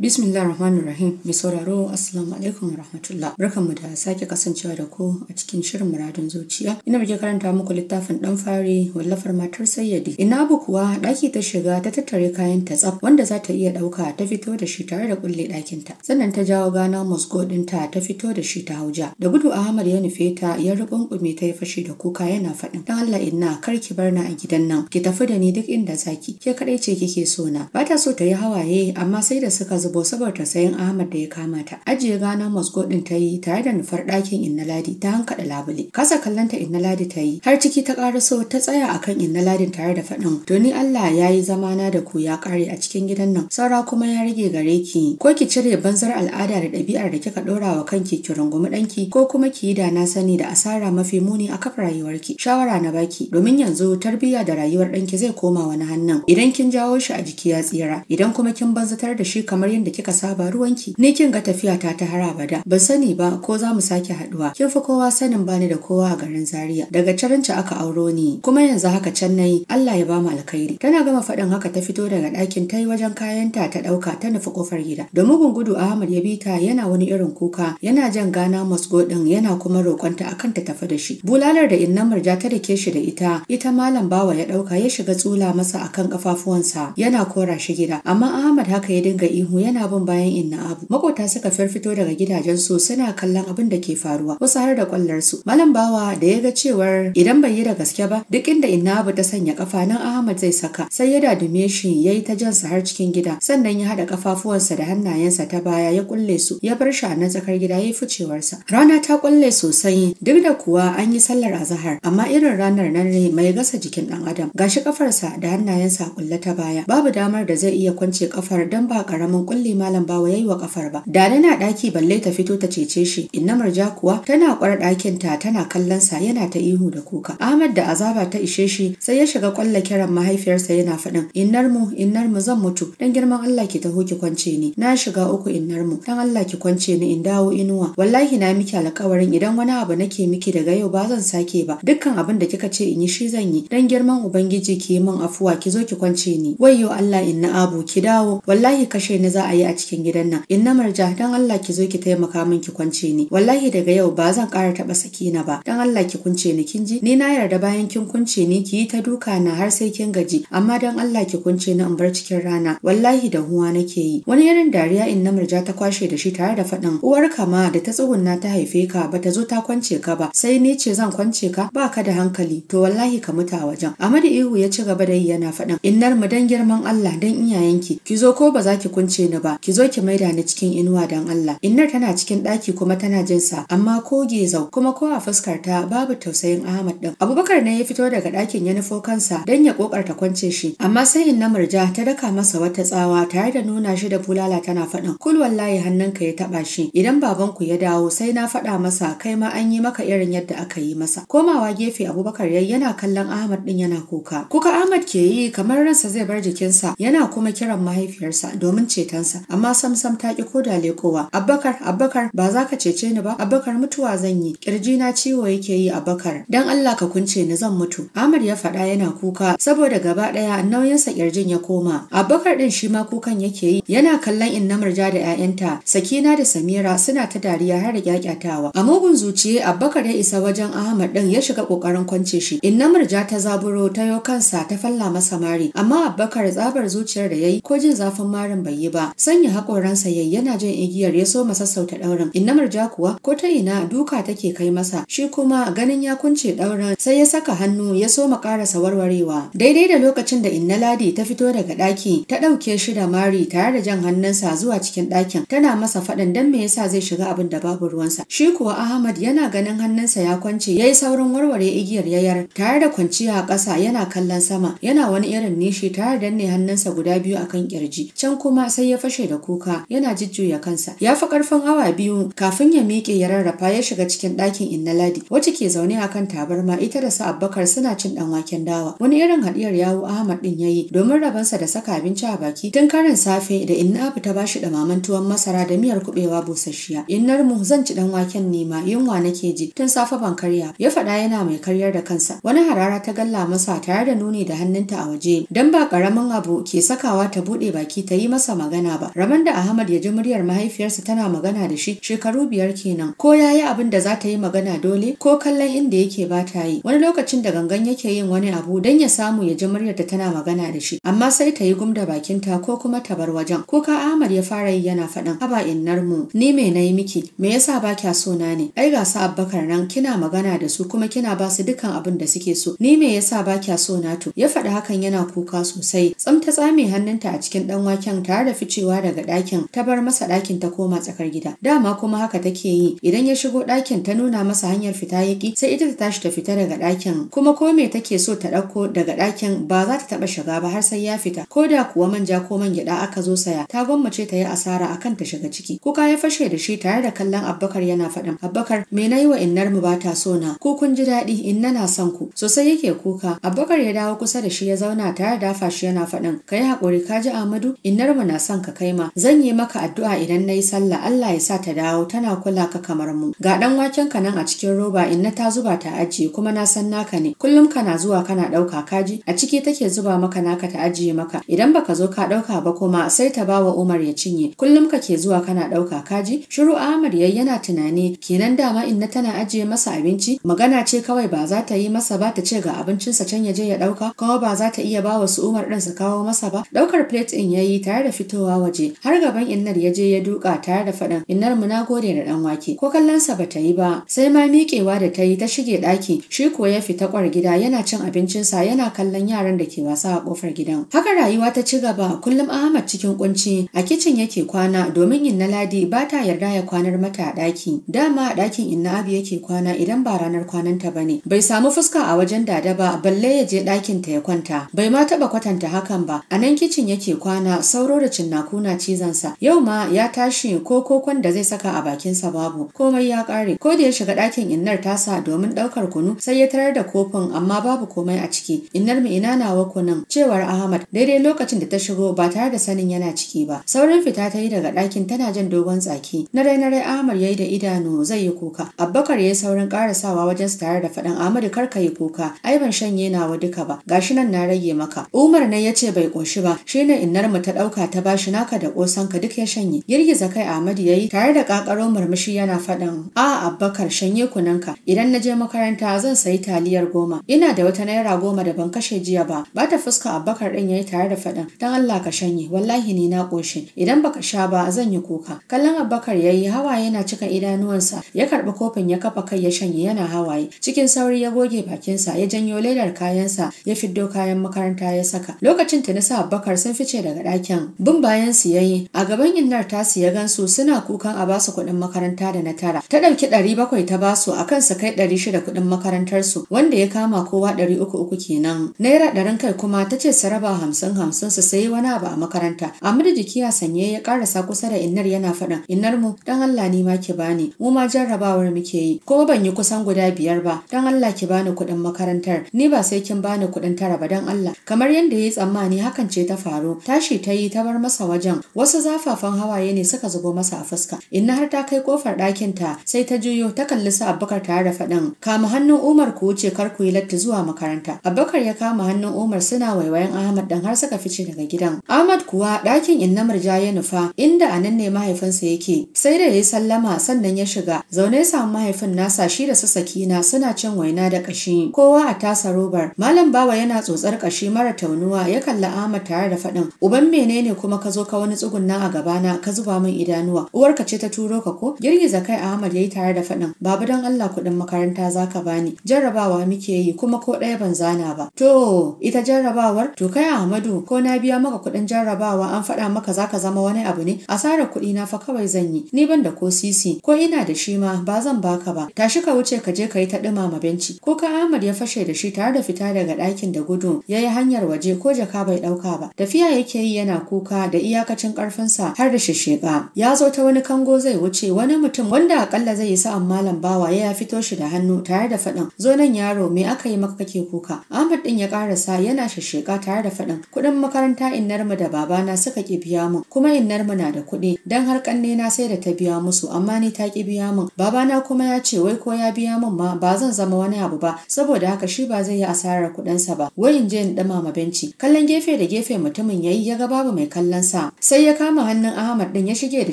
Bismillah ar Rahim mai sauraro Assalamu alaikum wa rahmatullah. Barkanmu da sake kasancewa da ku a cikin shirin muradun zuciya. Ina muke karanta muku littafin dan fari wallafar matar Sayyadi. Ina bu kuwa daki ta shiga ta tattare kayan ta tsaf wanda za ta iya dauka ta fito da shi tare da kulle dakin ta. Sannan ta jawo gana musgo din ta ta fito da shi ta hauja. Da gudu Ahmad ya nufe ta ya rubun kume ta ya fashi da kuka yana faɗin. Dan Allah inna kar ki bar na a gidan nan. Ki tafi da ni duk inda zaki. Ke kadai ce kike so na. Ba ta so ta yi hawaye amma sai da suka zo zubo saboda sayan Ahmad da ya kama Ajiye gana Moscow din ta yi tare da nufar ɗakin Inna Ladi ta hankaɗa labule. Kasa kallonta Inna Ladi ta yi har ciki ta ƙaraso ta tsaya akan Inna Ladin tare da faɗin to ni Allah ya yi zamana da ku ya ƙare a cikin gidan nan saura kuma ya rage gare ki ko ki cire banzar al'ada da ɗabi'ar da kika ɗora wa kanki ki rungumi ɗanki ko kuma ki yi da na sani da asara mafi muni a kafa rayuwarki shawara na baki domin yanzu tarbiyya da rayuwar ɗanki zai koma wani hannun idan kin jawo shi a jiki ya tsira idan kuma kin banzatar da shi kamar da kika saba ruwanki ni kin ga tafiya ta ta har abada ban sani ba ko za mu sake haduwa kin fi kowa sanin bani da kowa a garin Zaria daga caranci aka auro ni kuma yanzu haka can nayi Allah ya ba mu alkhairi tana gama faɗin haka ta fito daga ɗakin tai wajen kayanta ta ɗauka ta nufi kofar gida da mugun gudu Ahmad ya bi ta yana wani irin kuka yana jan gana musgo din yana kuma roƙonta akan ta tafi da shi bulalar da innan murja ta dake shi da ita ita malam bawa ya ɗauka ya shiga tsula masa akan kafafuwansa yana kora shi gida amma Ahmad haka ya dinga ihu ya yana bin bayan inna abu makota suka firfito daga gidajen su suna kallon abin da ke faruwa wasu har da su. malam bawa da ya ga cewar idan bai yi da gaske ba duk inda inna abu ta sanya kafa nan ahmad zai saka sai ya dadume shi yayi yi ta jansa har cikin gida sannan ya haɗa kafafuwansa da hannayensa ta baya ya kulle su ya bar shi a nan tsakar gida yayi yi ficewarsa rana ta kulle sosai duk da kuwa an yi sallar azahar amma irin ranar nan ne mai gasa jikin ɗan adam gashi kafarsa da hannayensa a kulle ta baya babu damar da zai iya kwance kafar don ba karamin kulle balle malam bawa yayi wa kafar ba da na daki balle ta fito ta cece shi inna marja kuwa tana kwar dakin ta tana kallon sa yana ta ihu da kuka Ahmad da azaba ta ishe shi sai ya shiga kwalla kiran mahaifiyarsa yana faɗin innar mu innar mu zan mutu dan girman Allah ki taho ki kwance ni na shiga uku innar mu dan Allah ki kwance ni in dawo inuwa wallahi na miki alƙawarin idan wani abu nake miki daga yau ba zan sake ba dukkan abin da kika ce in yi shi zan yi dan girman ubangiji ki yi min afuwa ki zo ki kwance ni wayyo Allah inna abu ki dawo wallahi kashe ni za za a yi a cikin gidan nan inna marja dan Allah ki zo ki taimaka min ki kwance ni wallahi daga yau ba zan ƙara taɓa na ba dan Allah ki kunce ni kin ji ni na yarda bayan kin kunce ni ki yi ta duka na har sai kin gaji amma dan Allah ki kunce ni in bar cikin rana wallahi da huwa nake yi wani irin dariya in na marja ta kwashe da shi tare da faɗin uwar kama da ta tsugunna ta haife ka ba ta zo ta kwance ka ba sai ni ce zan kwance ka ba ka da hankali to wallahi ka muta a wajen Amadu Ihu ya ci gaba da yi yana faɗin innar mu dan girman Allah dan iyayenki ki zo ko ba za ki kunce ni ba ki zo ki maida ni cikin inuwa dan Allah innar tana cikin ɗaki kuma tana jin sa amma ko gezau kuma ko a fuskar ta babu tausayin Ahmad din Abubakar ne ya fito daga ɗakin ya nufo kansa dan ya kokarta kwance shi amma sai inna murja ta daka masa wata tsawa tare da nuna shi da bulala tana faɗin kul wallahi ka ya taba shi idan babanku ya dawo sai na faɗa masa kai ma an yi maka irin yadda aka yi masa komawa gefe Abubakar yayi yana kallon Ahmad din yana kuka kuka Ahmad ke yi kamar ransa zai bar jikinsa yana kuma kiran mahaifiyarsa domin ceton amma sam sam ta ki koda lekowa abbakar abbakar ba za ka cece ni ba abbakar mutuwa zan yi kirji na ciwo yake yi abbakar dan Allah ka kunce ni zan mutu Ahmad ya faɗa yana kuka saboda gaba ɗaya nauyinsa ƙirjin ya koma abbakar ɗin shi ma kukan yake yi yana kallon inna murja da 'ya'yanta sakina da samira suna ta dariya har da kyakyatawa a mugun zuciye abbakar ya isa wajen Ahmad ɗin ya shiga kokarin kwance shi inna murja ta zaburo ta yo kansa ta falla masa mari amma abbakar tsabar zuciyar da ya yi ko jin zafin marin bai yi ba sanya haƙoransa yayi yana jin igiyar ya so sassauta ɗaurin inna marja kuwa ko ta ina duka take kai masa shi kuma ganin ya kunce ɗaurin sai ya saka hannu ya so ƙarasa warwarewa daidai da lokacin da inna ladi ta fito daga ɗaki ta ɗauke shi da mari tare da jan hannunsa zuwa cikin ɗakin tana masa faɗin dan me yasa zai shiga abin da babu ruwansa shi kuwa ahmad yana ganin hannunsa ya kwance yayi saurin warware igiyar yayar tare da kwanciya a ƙasa yana kallon sama yana wani irin nishi tare da danne hannunsa guda biyu akan kirji can kuma sai ya fashe da kuka yana jujjuya kansa ya fi karfin awa biyu kafin ya miƙe ya rarrafa ya shiga cikin ɗakin inna ladi wacce ke zaune a kan tabarma ita da su abbakar suna cin ɗan waken dawa wani irin haɗiyar yawo ahmad ɗin ya yi domin rabansa da saka abinci a baki tun karin safe da inna abu ta bashi maman tuwon masara da miyar kuɓewa busasshiya innar mu zan ci ɗan waken nema yunwa nake ji tun safe ban karya ya faɗa yana mai karyar da kansa wani harara ta galla masa tare da nuni da hannunta a waje dan ba ƙaramin abu ke sakawa ta buɗe baki ta yi masa magana magana ba da Ahmad ya ji muryar mahaifiyarsa tana magana da shi shekaru biyar kenan ko ya yi abin da za ta yi magana dole ko kallon inda yake ba ta yi wani lokacin da gangan yake yin wani abu don ya samu ya ji muryar da tana magana da shi amma sai ta yi gumda da bakinta ko kuma ta bar wajen kuka Ahmad ya fara yi yana faɗan haba innar mu ni me na yi miki me yasa ba kya so na ne ai ga su Abubakar nan kina magana da su kuma kina ba su dukkan abin da suke so ni me yasa ba kya so na to ya faɗi hakan yana kuka sosai tsamta tsame hannunta a cikin ɗan waken tare da fice wucewa daga ɗakin ta bar masa ɗakin ta koma tsakar gida dama kuma haka take yi idan ya shigo ɗakin ta nuna masa hanyar fita yaki sai ita ta tashi ta fita daga ɗakin kuma ko me take so ta ɗauko daga ɗakin ba za ta taɓa shiga ba har sai ya fita ko da kuwa manja ko man gyaɗa aka zo saya ta gwammace ta yi asara akan ta shiga ciki kuka ya fashe da shi tare da kallon abbakar yana faɗin abbakar me na yi wa innar mu ba ta so na ko kun ji daɗi inna na son ku sosai yake kuka abbakar ya dawo kusa da shi ya zauna tare da dafa shi yana faɗin ka yi haƙuri ka ji amadu innar mu na son ka ka kai ma zan yi maka addu'a idan na yi sallah Allah ya sa ta dawo tana kula ka kamar mu ga dan waken ka nan a cikin roba in na ta zuba ta ajiye kuma na san naka ne kullum kana zuwa kana ɗauka kaji a ciki take zuba maka naka ta ajiye maka idan baka zo ka ɗauka ba kuma sai ta bawa Umar ya cinye kullum ka ke zuwa kana ɗauka kaji shiru Ahmad yayi yana tunani kenan dama in na tana ajiye masa abinci magana ce kawai ba za ta yi masa ba ta ce ga abincinsa can ya je ya ɗauka kuma ba za ta iya ba wa su Umar ɗin su kawo masa ba ɗaukar plate ɗin yayi tare da fitowa kasuwa waje har gaban innar ya je ya duka tare da faɗin innar mu na gode da dan wake ko kallonsa ba ta yi ba sai ma miƙewa da ta yi ta shige ɗaki shi kuwa ya fita kwar gida yana cin abincin sa yana kallon yaran da ke wasa a kofar gidan haka rayuwa ta ci gaba kullum Ahmad cikin kunci a kicin yake kwana domin inna Ladi ba ta yarda ya kwanar mata a ɗaki dama a ɗakin inna Abi yake kwana idan ba ranar kwananta ba ne bai samu fuska a wajen dada ba balle ya je ɗakin ta ya kwanta bai ma taɓa kwatanta hakan ba a nan kicin yake kwana sauro da cinna cinnaku na cizon sa yau ma ya tashi ko kokon da zai saka a bakinsa babu komai ya kare ko da ya shiga ɗakin innar tasa domin ɗaukar kunu sai ya tarar da kofin amma babu komai a ciki innar mu ina nawa kunun? cewar Ahmad daidai lokacin da ta shigo ba tare da sanin yana ciki ba saurin fita ta yi daga ɗakin tana jan dogon tsaki na rai na rai Ahmad yayi da idanu zai yi kuka Abubakar yi saurin karasawa wajen su tare da faɗin Ahmadu kar ka yi kuka ai ban shanye nawa duka ba gashi nan na rage maka Umar ne ce bai koshi ba shine innar mu ta ɗauka ta bashi naka da kosanka duk ya shanye girgiza kai Ahmadu yayi tare da kakaro murmushi yana faɗan a Abubakar shanye kunanka idan na je makaranta zan sayi taliyar goma ina da wata naira goma da ban kashe jiya ba ba ta fuska Abubakar din yayi tare da faɗan dan Allah ka shanye wallahi ni na koshi idan baka sha ba zan yi kuka kallon Abubakar yayi hawa yana cika idanuwansa ya karbi kofin ya kafa kai ya shanye yana hawaye cikin sauri ya goge bakinsa ya janyo ledar kayansa ya fiddo kayan makaranta ya saka lokacin sa Abubakar sun fice daga ɗakin bin bayan su yayi a gaban innar ta siya gansu suna kukan a basu kuɗin makaranta da na tara ta ɗauki ɗari bakwai ta basu a kan su kai ɗari shida kuɗin makarantar su wanda ya kama kowa ɗari uku uku kenan naira ɗarin kai kuma ta ce su raba hamsin hamsin su sayi wani abu a makaranta amma da jiki a sanye ya karasa kusa da innar yana faɗin innar mu dan Allah ni ma ki bani mu ma jarrabawar muke yi ko ban yi kusan guda biyar ba dan Allah ki bani kuɗin makarantar ni ba sai kin bani kuɗin tara ba dan Allah kamar yadda ya yi tsammani hakan ce ta faru tashi ta yi ta bar masa wajen wasu zafafan hawaye ne suka zubo masa a fuska inna har ta kai kofar ɗakin ta sai ta juyo ta kalli su abubakar tare da faɗin kama hannun umar ku wuce kar ku yi latti zuwa makaranta abubakar ya kama hannun umar suna waiwayen ahmad dan har suka fice daga gidan ahmad kuwa ɗakin inna murja ya nufa inda a nan ne mahaifinsa yake sai da ya yi sallama sannan ya shiga zaune ya samu mahaifin nasa shi da su sakina suna cin waina da ƙashi kowa a tasa robar malam bawa yana tsotsar ƙashi mara taunuwa ya kalli ahmad tare da faɗin uban menene kuma ka zo zo ka wani tsugun nan a na, ka zuba min idanuwa uwarka ce ta turo ka ko girgiza kai Ahmad yayi tare da faɗin babu dan Allah kuɗin makaranta zaka bani jarrabawa muke yi kuma ko ɗaya ban zana ba to ita jarrabawar to kai Ahmadu ko na biya maka kuɗin jarrabawa an faɗa maka zaka zama wani abu ne asarar kuɗi na fa kawai zan yi ni ban da ko sisi ko ina da shi ma ba zan baka ba tashi ka wuce ka je ka yi ta ɗumama benci ko ka Ahmad ya fashe da shi tare da fita daga ɗakin da gudun yi hanyar waje ko jaka bai ɗauka ba tafiya yake yi yana kuka da iyakacin ƙarfinsa har da shisheka ya zo ta wani kango zai wuce wani mutum wanda akalla zai sa malam bawa ya fito shi da hannu tare da faɗin zo nan yaro me aka yi maka kake kuka Ahmad din ya karasa yana shisheka tare da faɗin kuɗin makaranta innar mu da babana suka ki biya mun kuma innar mu na da kuɗi dan har kanne na sai da ta biya musu amma ni ta ki biya mun babana kuma ya ce wai ko ya biya mun ma ba zan zama wani abu ba saboda haka shi ba zai yi asarar kuɗinsa ba wai in je in ɗumama benci kallon gefe da gefe mutumin yayi ya ga babu mai kallon sa sai ya kama hannun Ahmad din ya shige da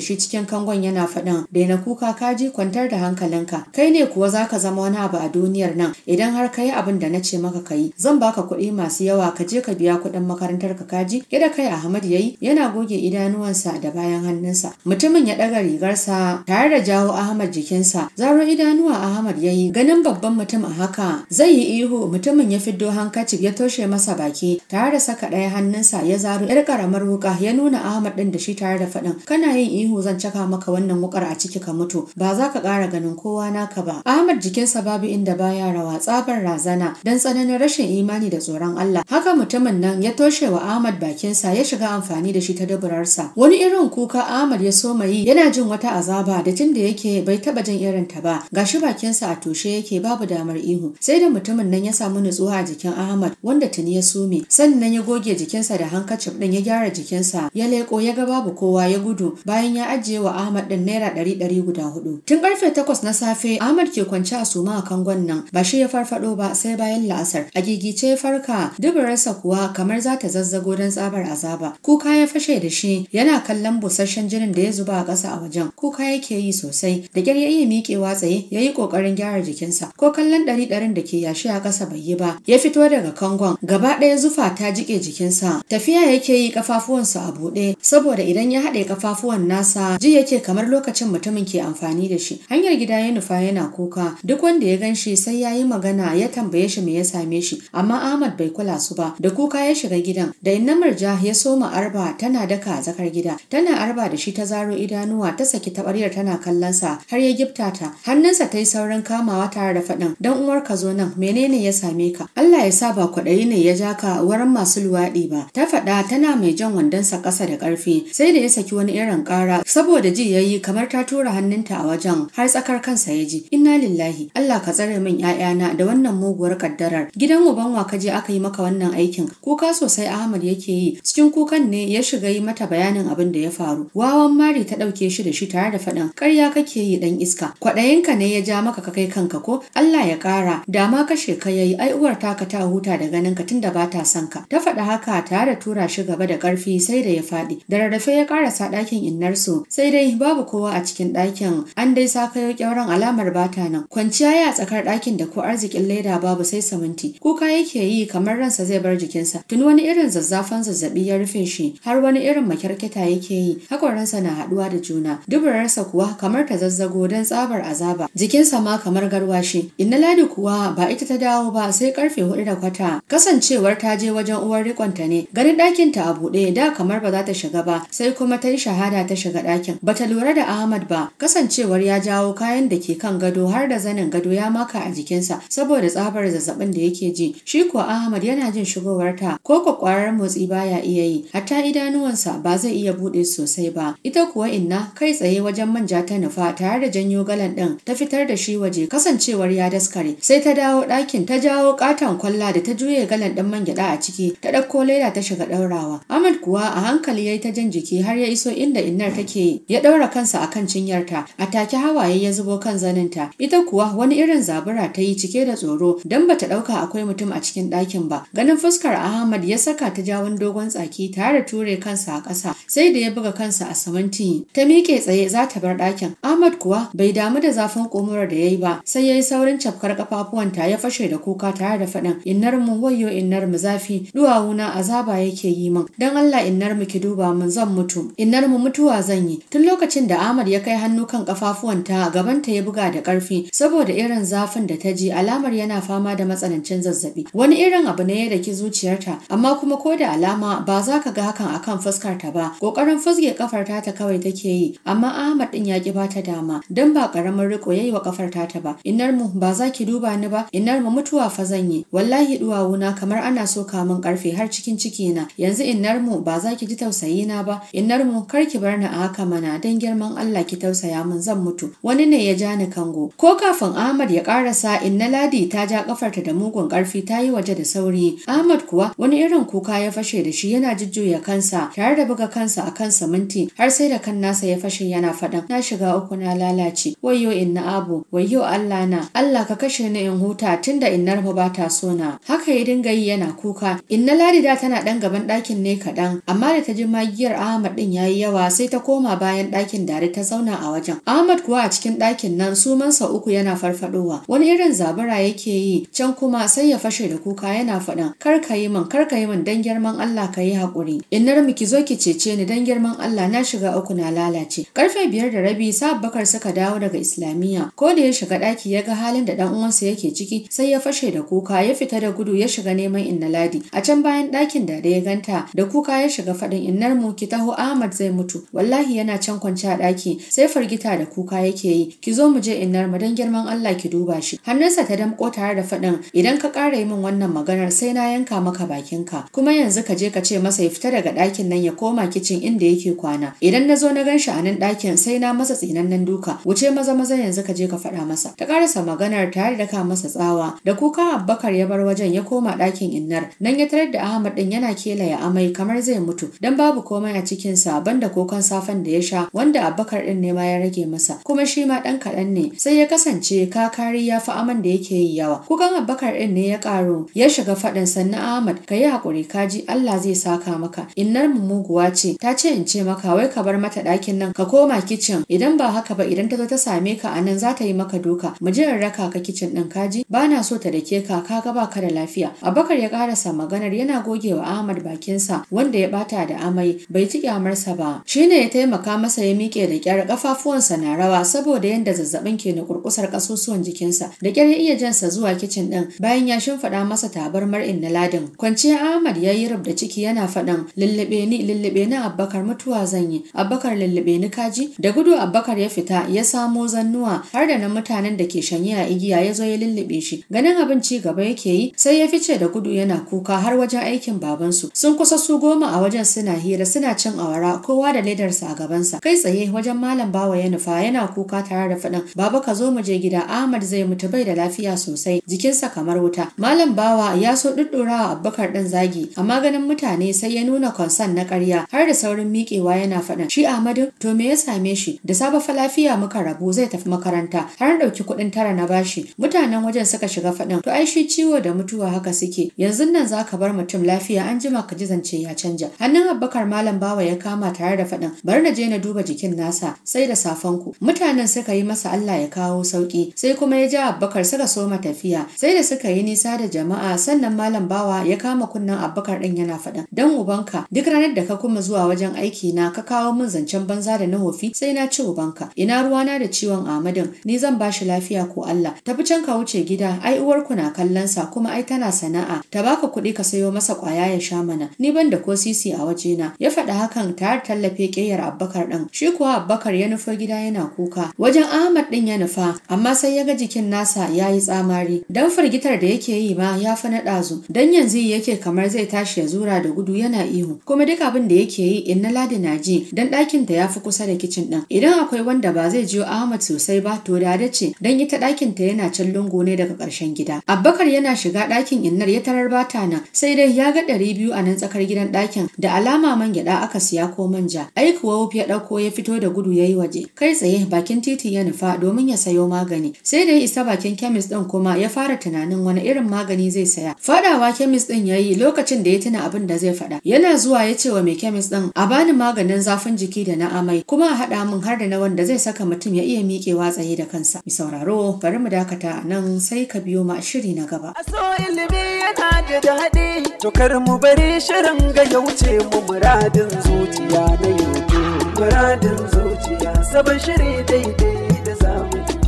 shi cikin kangon yana faɗin da na kuka kaji kwantar da hankalinka kai ne kuwa zaka zama wani abu a duniyar nan idan har kai abin da na ce maka kai zan baka kuɗi masu yawa ka je ka biya kuɗin makarantar ka kaji yadda kai Ahmad yayi yana goge idanuwansa da bayan hannunsa mutumin ya ɗaga rigarsa tare da jawo Ahmad jikinsa zaro idanuwa Ahmad yayi ganin babban mutum a haka zai yi ihu mutumin ya fiddo hankacif ya toshe masa baki tare da saka ɗaya hannunsa ya zaro 'yar ƙaramar wuka ya nuna nuna Ahmad din da shi tare da faɗin kana yin ihu zan caka maka wannan wukar a ciki ka mutu ba za ka kara ganin kowa naka ba. Ahmad jikinsa babu inda baya rawa tsabar razana don tsananin rashin imani da tsoron Allah. Haka mutumin nan ya toshe wa Ahmad bakinsa ya shiga amfani da shi ta duburarsa. Wani irin kuka Ahmad ya soma yi yana jin wata azaba da tunda yake bai taba jin irin ta ba. Gashi bakinsa a toshe yake babu damar ihu. Sai da mutumin nan ya samu nutsuwa a jikin Ahmad wanda tuni ya sume sannan ya goge jikinsa da hankacif din ya gyara jikinsa ya leko ya ga babu kowa ya gudu bayan ya ajiye wa Ahmad din naira ɗari ɗari guda hudu. Tun karfe takwas na safe Ahmad ke kwance a suma a kangon nan ba shi ya farfado ba sai bayan la'asar. A gigice ya farka dubarsa kuwa kamar za ta zazzago don tsabar azaba. Kuka ya fashe da shi yana kallon busasshen jinin da ya zuba a ƙasa a wajen. Kuka yake yi sosai da ƙyar ya iya miƙewa tsaye ya yi ƙoƙarin gyara jikinsa ko kallon ɗari ɗarin da ke yashi a ƙasa bai yi ba. Ya fito daga kangon gaba ɗaya zufa ta jiƙe jikinsa tafiya yake yi ƙafafuwansa a buɗe. buɗe saboda idan ya haɗe kafafuwan nasa ji yake kamar lokacin mutumin ke amfani da shi hanyar gida ya nufa yana kuka duk wanda ya gan shi sai ya yi magana ya tambaye shi me ya same shi amma Ahmad bai kula su ba da kuka ya shiga gidan da inna Marja ya soma arba tana daka a zakar gida tana arba da shi ta zaro idanuwa ta saki tabaryar tana kallon sa har ya gifta ta hannunsa ta yi saurin kamawa tare da faɗin dan uwar ka zo nan menene ya same ka Allah ya sa ba kwaɗayi ne ya ja ka wurin masu luwaɗi ba ta faɗa tana mai jan wandonsa ƙasa masa da ƙarfi sai da ya saki wani irin ƙara saboda ji yayi kamar ta tura hannunta a wajen har tsakar kansa ya ji inna lillahi Allah ka tsare min 'ya'yana da wannan muguwar kaddarar gidan uban wa kaje aka yi maka wannan aikin kuka sosai Ahmad yake yi cikin kukan ne ya shiga yi mata bayanin abin da ya faru wawan mari ta ɗauke shi da shi tare da faɗin ƙarya kake yi ɗan iska kwaɗayinka ne ya ja maka ka kai kanka ko Allah ya ƙara da ma kashe ka yayi ai uwar ka ta huta da ganin ka tunda ba ta son ka ta faɗa haka tare da tura shi gaba da ƙarfi sai da ya faɗi da rarrafe ya karasa ɗakin innarsu sai dai babu kowa a cikin ɗakin an dai sa kayo kyauran alamar bata nan kwanciya ya tsakar ɗakin da ko arzikin leda babu sai saminti kuka yake yi kamar ransa zai bar jikinsa Tun wani irin zazzafan zazzabi ya rufe shi har wani irin makyarketa yake yi hakoransa na haɗuwa da juna duburarsa kuwa kamar ta zazzago don tsabar azaba jikinsa ma kamar garwashi inna ladi kuwa ba ita ta dawo ba sai karfe hudu da kwata kasancewar ta je wajen uwar rikonta ne ganin ɗakinta a buɗe da kamar ba za ta shiga ba sai kuma ta yi shahada ta shiga ɗakin ba ta lura da Ahmad ba kasancewar ya jawo kayan da ke kan gado har da zanin gado ya maka a jikinsa saboda tsabar zazzabin da yake ji shi ko Ahmad yana jin shigowarta ko kwakwarar motsi baya iya yi hatta idanuwansa ba zai iya buɗe sosai ba ita kuwa inna kai tsaye wajen manja ta nufa tare da janyo galan ɗin ta fitar da shi waje kasancewar ya daskare sai ta dawo ɗakin ta jawo ƙaton kwalla da ta juye galan ɗin man gyaɗa a ciki ta ɗauko leda ta shiga ɗaurawa Ahmad kuwa a hankali hankali ya yi ta jan jiki har ya iso inda innar take ya ɗaura kansa a kan cinyarta a take hawaye ya zubo kan zaninta ita kuwa wani irin zabura ta yi cike da tsoro don bata ɗauka akwai mutum a cikin ɗakin ba ganin fuskar Ahmad ya saka ta jawon dogon tsaki tare da ture kansa a ƙasa sai da ya buga kansa a samanti ta miƙe tsaye za ta bar ɗakin Ahmad kuwa bai damu da zafin komorar da ya yi ba sai ya yi saurin cafkar ƙafafuwanta ya fashe da kuka tare da faɗin innar mu wayo innar mu zafi duwawuna azaba yake yi min don Allah innar mu ki ki duba mun zan mutu innar mu mutuwa zan yi tun lokacin da Ahmad ya kai hannu kan kafafuwanta gabanta ya buga da karfi saboda irin zafin da ta ji alamar yana fama da matsanancin zazzabi wani irin abu ne ya daki zuciyarta amma kuma ko da alama ba za ka ga hakan akan fuskar ta ba kokarin fusge kafar ta ta kawai take yi amma Ahmad din ya ki bata dama dan ba karamin riko yayi wa kafar ta ta ba inar mu ba za ki duba ni ba inarmu mu mutuwa fa zan yi wallahi duwawuna kamar ana so mun karfe har cikin ciki na yanzu innar mu ba za ki ji ta tausayi na ba innar mu kar ki bar ni a haka mana dan girman Allah ki tausaya mun zan mutu wani ne ya ja ni kango ko kafin Ahmad ya karasa inna Ladi ta ja kafarta da mugun karfi ta yi waje da sauri Ahmad kuwa wani irin kuka ya fashe da shi yana jujjuya kansa tare da buga kansa a kan siminti har sai da kan nasa ya fashe yana faɗan na shiga uku na lalace in inna abu yau Allah na Allah ka kashe ni in huta tunda innar ba ta so na haka ya dinga yi yana kuka inna Ladi da tana dan gaban ɗakin ne kaɗan amma da ta ji magiyar Ahmad din yayi yawa sai ta koma bayan ɗakin dare ta zauna a wajen. Ahmad kuwa a cikin ɗakin nan sumansa uku yana farfadowa. Wani irin zabura yake yi can kuma sai ya fashe da kuka yana faɗan kar ka yi min kar ka yi min dan girman Allah ka yi haƙuri. Innar ki zo ki cece ni dan girman Allah na shiga uku na lalace. Karfe biyar da rabi sa Bakar suka dawo daga Islamiyya. Ko da ya shiga ɗaki ya ga halin da ɗan uwansa yake ciki sai ya fashe da kuka ya fita da gudu ya shiga neman Inna Ladi. A can bayan ɗakin da ya ganta da kuka ya shiga faɗin labarin innar mu ki taho Ahmad zai mutu wallahi yana can kwance a ɗaki sai fargita da kuka yake yi ki zo mu je innar mu dan girman Allah ki duba shi hannunsa ta damƙo tare da faɗin idan ka ƙara min wannan maganar sai na yanka maka bakinka kuma yanzu ka je ka ce masa ya fita daga ɗakin nan ya koma kicin inda yake kwana idan na zo na gan shi a nan ɗakin sai na masa tsinannen duka wuce maza maza yanzu ka je ka faɗa masa ta ƙarasa maganar tare da ka masa tsawa da kuka Abubakar ya bar wajen ya koma ɗakin innar nan ya tarar da Ahmad din yana kelaya amai kamar zai mutu Idan babu komai a cikin sa banda kokon safen da ya sha wanda abakar din ne ma ya rage masa kuma shi ma dan kaɗan ne sai ya kasance kakari ya fa aman da yake yi yawa kukan abakar din ne ya karo ya shiga faɗin sannan Ahmad ka yi hakuri kaji Allah zai saka maka innar mu muguwa ce ta ce in ce maka wai ka bar mata ɗakin nan ka koma kicin idan ba haka ba idan ta zo ta same ka anan nan za ta yi maka duka mu je raka ka kicin ɗin kaji ba na so ta dake ka ka ga ba ka da lafiya abakar ya karasa maganar yana gogewa Ahmad bakinsa wanda ya bata da amai bai ji kyamarsa ba shi ne ya taimaka masa ya miƙe da kyar kafafuwansa na rawa saboda yadda zazzabin ke na kurkusar kasusuwan jikinsa da kyar ya iya jansa zuwa kicin ɗin. bayan ya shimfiɗa masa tabarmar inna ladin kwanciya Ahmad ya yi da ciki yana faɗan lullube ni lullube ni abbakar mutuwa zan yi abbakar lullube ni kaji da gudu abbakar ya fita ya samo zannuwa har da na mutanen da ke shanye a igiya ya zo ya lullube shi ganin abin ci gaba yake yi sai ya fice da gudu yana kuka har wajen aikin babansu sun kusa su goma a wajen suna suna hira suna cin awara kowa da ledarsa a gabansa kai tsaye wajen malam bawa ya nufa yana kuka tare da faɗin baba ka zo mu je gida Ahmad zai mutu bai da lafiya sosai jikinsa kamar wuta malam bawa ya so duddura Abubakar ɗin zagi amma ganin mutane sai ya nuna konsan na ƙarya har da saurin miƙewa yana faɗin shi Ahmadu to me ya same shi da saba fa lafiya muka rabu zai tafi makaranta har ɗauki kuɗin tara na bashi mutanen wajen suka shiga faɗin to ai shi ciwo da mutuwa haka suke yanzu nan zaka bar mutum lafiya an jima ka ji zance ya canja hannun Abubakar Malam Bawa ya kama tare da faɗin bari na je na duba jikin nasa sai da safan ku. Mutanen suka yi masa Allah ya kawo sauki sai kuma ya ja Abubakar suka soma tafiya sai da suka yi nisa da jama'a sannan Malam Bawa ya kama kunnen Abubakar din yana faɗin dan ubanka duk ranar da ka kuma zuwa wajen aiki na ka kawo min zancen banza da na hofi sai na ci ubanka ina ruwana da ciwon Amadin ni zan ba shi lafiya ko Allah tafi can ka wuce gida ai uwarku na kallon sa kuma ai tana sana'a ta baka kuɗi ka sayo masa ƙwaya ya sha mana ni ban da ko sisi a waje Palestina ya faɗi hakan tare tallafe ƙeyar Abubakar ɗin. Shi kuwa Abubakar ya nufa gida yana kuka. Wajen Ahmad ɗin ya nufa amma sai ya ga jikin nasa ya yi tsamari. Dan firgitar da yake yi ma ya fi na ɗazu. Dan yanzu yake kamar zai tashi ya zura da gudu yana ihu. Kuma duk abin da yake yi in na ladi na ji don ɗakin ta ya fi kusa da kicin ɗin. Idan akwai wanda ba zai jiyo Ahmad sosai ba to da ce dan ita ɗakin ta yana can lungu ne daga ƙarshen gida. Abubakar yana shiga ɗakin innar ya tarar bata nan sai dai ya ga ɗari biyu a nan tsakar gidan ɗakin da alama kama man gyada aka siya ko manja ai kuwa wuf ya ɗauko ya fito da gudu yayi waje kai tsaye bakin titi ya nufa domin ya sayo magani sai da ya isa bakin kemis din kuma ya fara tunanin wani irin magani zai saya faɗawa kemis din yayi lokacin da ya tuna abin da zai fada. yana zuwa ya ce wa mai kemis din. a bani maganin zafin jiki da na amai kuma a haɗa min har da na wanda zai saka mutum ya iya miƙewa tsaye da kansa mi sauraro bari mu dakata nan sai ka biyo ma shiri na gaba. A so ilimi yana da daɗi tukar mu bari shirin ga ya wuce mu muradin zuciya na yanzu muradin zuciya sabon shiri daidai da zamani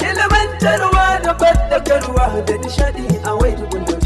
ilimantarwa da fadakarwa da nishadi a wai tukunan